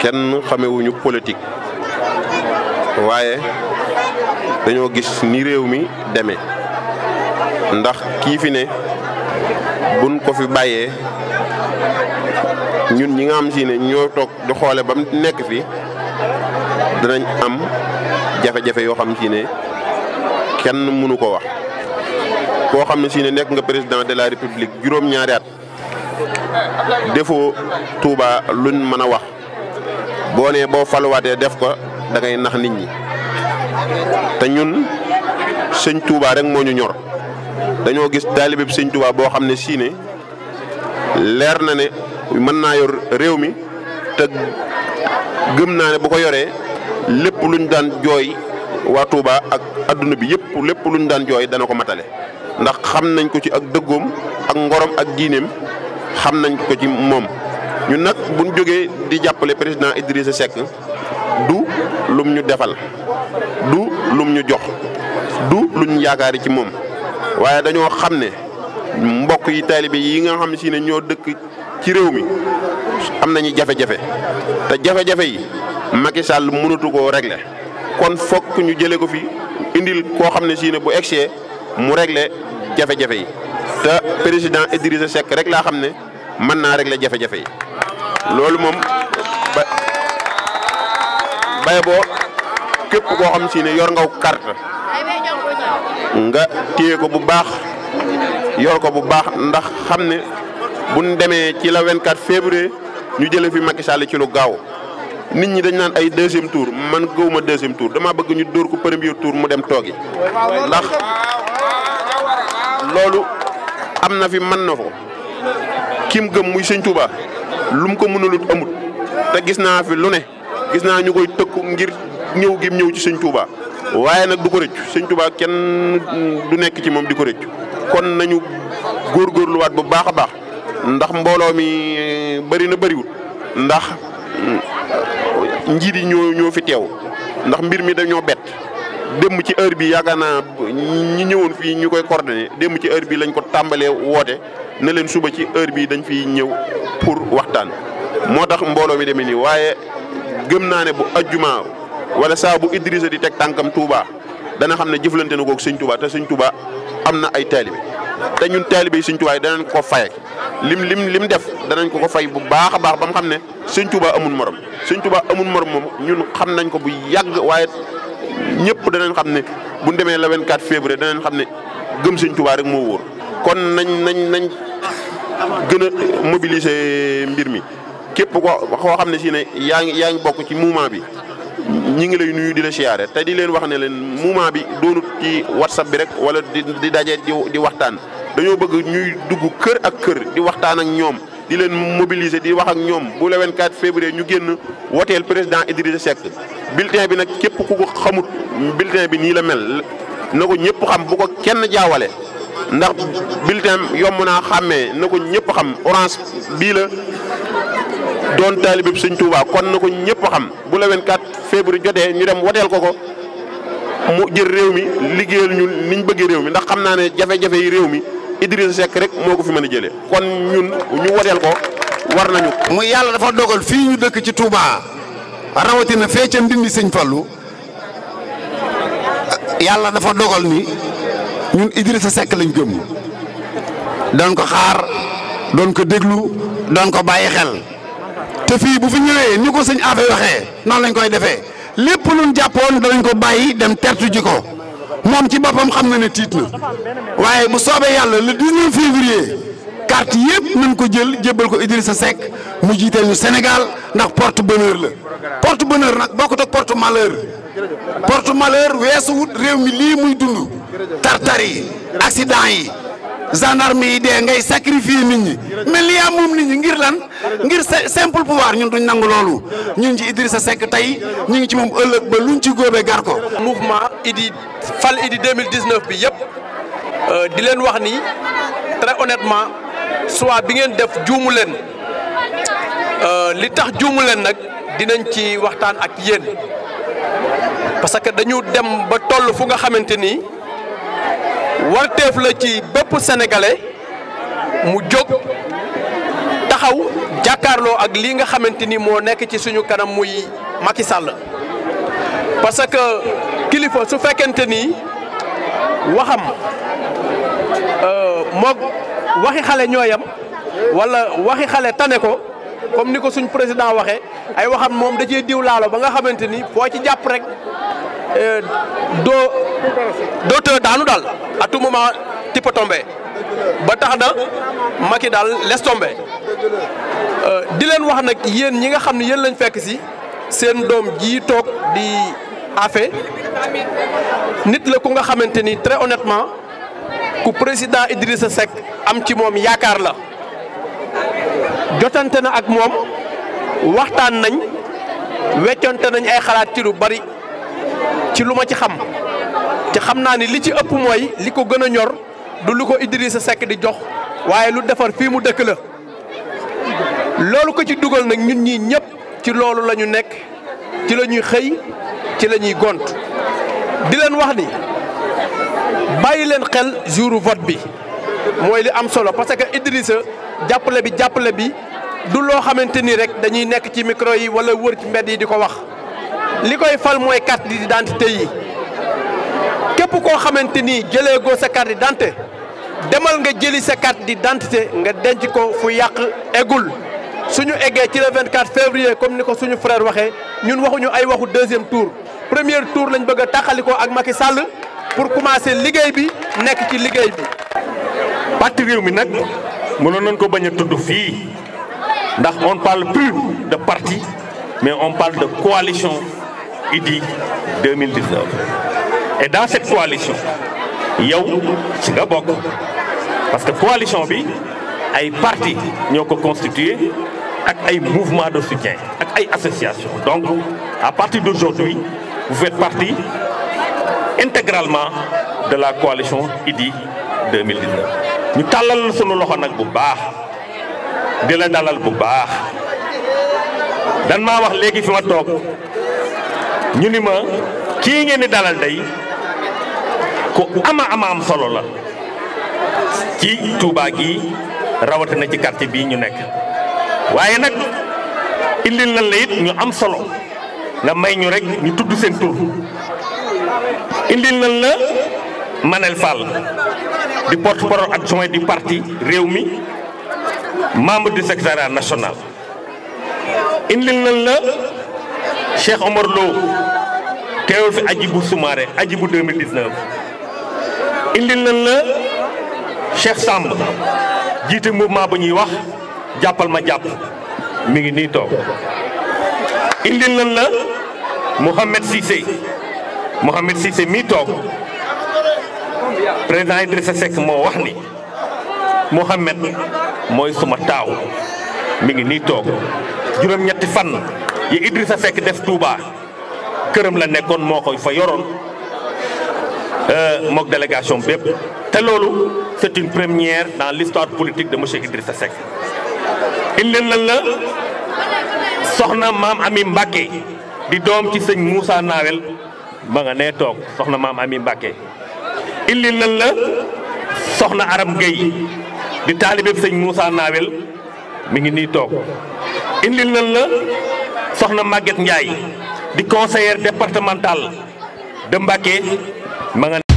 kenn xamewuñu politique waaye dañoo gis ni réew mi demee ndax kii fi ne buñ ko fi bàyyee ñun ñi nga xam si ne ñoo toog di xoole ba mu nekk fi danañ am jafe-jafe yoo xam si ne kenn mënu ko wax koo xam ne si ne nekk nga président de la république juróom-ñaari at defoo Touba luñ mën a wax boo boo faluwaatee def ko da nax nit ñi te ñun sëñ Touba rek moo ñu ñor dañoo gis taalibe bi sëñ boo xam ne siine leer na ne mën naa yor réew mi te gëm naa ne bu ko yoree lépp lu luñ daan jooy waa Touba ak adduna bi yëpp lépp luñ daan jooy dana ko matale. ndax xam nañ ko ci ak dëggoom ak ngorom ak diineem xam nañ ko ci moom. ñun nag bu ñu jógee di jàppale président Idrissa Seck du lum ñu defal du lum ñu jox du luñ yaakaari ci moom waaye dañoo xam ne mbokk yi taalibe yi nga xam si ne ñoo dëkk ci réew mi am nañu jafe-jafe te jafe-jafe yi Macky Sall mënatu koo régler kon fokk ñu jëlee ko fi indil koo xam ne si bu egsee mu régler jafe-jafe yi te président Idrissa Seck rek laa xam ne mën naa régler jafe-jafe yi. loolu moom ba bay boo képp koo xam si ne yor nga carte nga téye ko bu baax yor ko bu baax ndax xam ne buñ demee ci la 24 février ñu jëlee fi Macky Sall ci lu gaaw nit ñi dañ naan ay deuxième tour man gëwuma deuxième tour dama bëgg ñu dóor ko premier tour mu dem toogi ndax loolu am na fi mën na ko kim gëm muy sëñ Touba lum mu ko mënulut amut te gis naa fi lu ne gis naa ñu koy tëkku ngir ñëw gi ñëw ci sëñ Touba waaye nag du ko rëccu sëñ Touba kenn du nekk ci moom di ko rëccu kon nañu góorluwaat bu baax a baax ndax mbooloo mi eh, bari na bëriwul ndax mm, njiit yi ñoo ñoo fi teew ndax mbir mi dañoo bett. démb ci heure bi yaakaar naa ñi ñëwoon fii ñu koy coordonné démb ci heure bi lañ ko tàmbalee woote ne leen suba ci heure bi dañ fiy ñëw pour waxtaan moo tax mbooloo mi demee nii waaye gëm naa ne bu ajjuma wala saabu bu Idrissa di teg tànkam Touba dana xam ne jëflante na koog sëñ Touba te sëñ Touba am na ay taalibe te ñun taalibe yi sëñ danañ ko fay lim lim lim def danañ ko ko fay bu baax a baax ba mu xam ne sëñ Touba amul morom sëñ Touba amul morom moom ñun xam nañ ko bu yàgg waaye. ñëpp danañ xam ne bu ñu demee le 24 février danañ xam ne gëm Sëñ Tuubaa rek moo wóor kon nañ nañ nañ gën a mobiliser mbir mi képp ko koo xam ne si ne yaa ngi yaa bokk ci mouvement bi ñi ngi lay nuyu di la siyaare te di leen wax ne leen mouvement bi doonut ci whatsapp bi rek wala di di daje di di waxtaan dañoo bëgg ñuy dugg kër ak kër di waxtaan ak ñoom di leen mobiliser di wax ak ñoom bu le 24 février ñu génn woteel président Idrissa Seck bulletin bi nag képp ku ko xamut bulletin bi nii la mel na ko ñëpp xam bu ko kenn jaawale ndax bulletin yomb naa xàmmee na ko ñëpp xam orange bii la doon taalibe Sëñ Tuubaa kon na ko ñëpp xam bu la 24 jotee ñu dem woteel ko ko mu jël réew mi liggéeyal ñu niñ bëggee réew mi ndax xam naa ne jafe-jafe yi réew mi Idrissa sekk rek moo ko fi mën a jëlee kon ñun ñu woteel ko war nañu. muy yàlla dafa dogal fii ñu dëkk ci Touba. rawatina fee ca ndindi sëñ Fallou yàlla dafa dogal ni ñun Idrissa sekk lañ gëm doon ko xaar doon ko déglu doon ko bàyyi xel te fii bu fi ñëwee ni ko sëñ Afe waxee noonu lañ koy defee lépp luñ jàppoon danañ ko bàyyi dem tertu ji ko moom ci boppam xam na ne tiit na waaye bu soobee yàlla le 19 février. carte yëpp nañ ko jël jébbal ko sa Seck mu jiiteel ñu Sénégal ndax porte bonheur la porte bonheur nag bokkut ak porte malheur porte malheur weesu wut réew mi lii muy dund tartar yi accident yi gendarme yi dee ngay sacrifier nit ñi mais li yaa moom nit ñi ngir lan ngir simple pouvoir ñun duñ nangu loolu ñu ngi ci sa Seck tey ñu ngi ci moom ëllëg ba lu luñ ci góobee gar ko. mouvement Idy fal idi 2019 bi yëpp euh, di leen wax ni très honnêtement. soit bi ngeen def juumu leen euh, li tax juumu leen nag dinañ ci waxtaan ak yéen parce que dañu dem ba toll fu nga xamante ni warteef la ci bépp sénégalais mu jóg taxaw jàkkaarloo ak lii nga xamante ni moo nekk ci suñu kanam muy Macky Sall parce que kilifa su fekkente ni waxam euh, moog. waxi xale ñooyam wala waxi xale tane ko comme ni ko suñ président waxee ay waxam moom da cee diw laalo ba nga xamante ni foo ci jàpp rek eh, doo doo te daanu daal à tout moment ti ba tax na Macky daal laisse tomber euh, di leen wax nag yéen ñi nga xam ne yéen lañ fekk si seen doom ji toog di afe nit la ku nga xamante ni très honnêtement ku président Idrissa Seck am ci moom yaakaar la jotante na ak moom waxtaan nañ weccante nañ ay xalaat ci lu bari ci lu ma ci xam ci xam naa ni li ci ëpp mooy li ko gën a ñor du lu ko sa Seck di jox waaye lu defar fii mu dëkk la loolu ko ci dugal nag ñun ñii ñëpp ci loolu la ñu nekk ci la ñuy xëy ci la ñuy gont di leen wax ni bàyyi leen xel jouru vote bi mooy li am solo parce que Idrissa jàppale bi jàppale bi du loo xamante ni rek dañuy nekk ci micro yi wala wër ci mbedd yi di ko wax li koy fal mooy carte d'identité yi képp koo xamante ni jëlee goo sa carte d'identité demal nga jëli sa di d'identité nga denc ko fu yàq eggul suñu eggee ci le 24 février comme ni ko suñu frère waxee ñun waxuñu ay waxu deuxième tour premier tour lañ bëgg a taxali ko ak Macky sàll pour commencer liggéey bi nekk ci liggéey bi. parti réew mi nag mënoon nañ ko bañ a tudd fii ndax on parle plus de parti mais on parle de coalition IDY 2019 et dans cette coalition yow ci nga bokk parce que coalition bi ay parti ñoo ko constitué ak ay mouvement de soutien ak ay association donc à partir d'aujourd'hui vous faites parti intégralement de la coalition IDY 2019 ñu tàllal sunu loxo nag bu baax di la dalal bu baax dan maa wax léegi fi ma toog ñu ni ma kii ngeen di dalal day ku ama ama am solo la ci tuubaa gi rawatina ci quartier bii ñu nekk waaye nag indil na la it ñu am solo nga may ñu rek ñu tudd seen tur indil na la Manel Fall di porte-parole adjoint du réew mi membre du secrétariat national indil nañ la Cheikh Omar Lo teewul fi Hadjibou Soumaré Hadjibou 2019 indil la Cheikh Samb jiite mouvement ba ñuy wax jàppal ma jàpp mi ngi nii toog indil nañ la Mohamed Cissé Mohamed Cissé mii toog président Idrissa sekk moo wax ni Mouhamed mooy suma taaw mi ngi nii toog juróom-ñetti fan yi Idrissa Seck def Touba këram la nekkoon moo koy fa yoroon euh, mook délégation bépp te loolu c'est une première dans l'histoire politique de monsieur Idrissa Seck indi lan la soxna maam Ami Mbacké di doom ci sëñ Moussa Nawel ba nga nee toog soxna maam Ami Mbacké indi la soxna Aram Gueye di taalibe sëñ Moussa Nawel mi ngi nii toog indi la soxna Maguette Ndiaye di conseillère départementale de Mbacké ma nga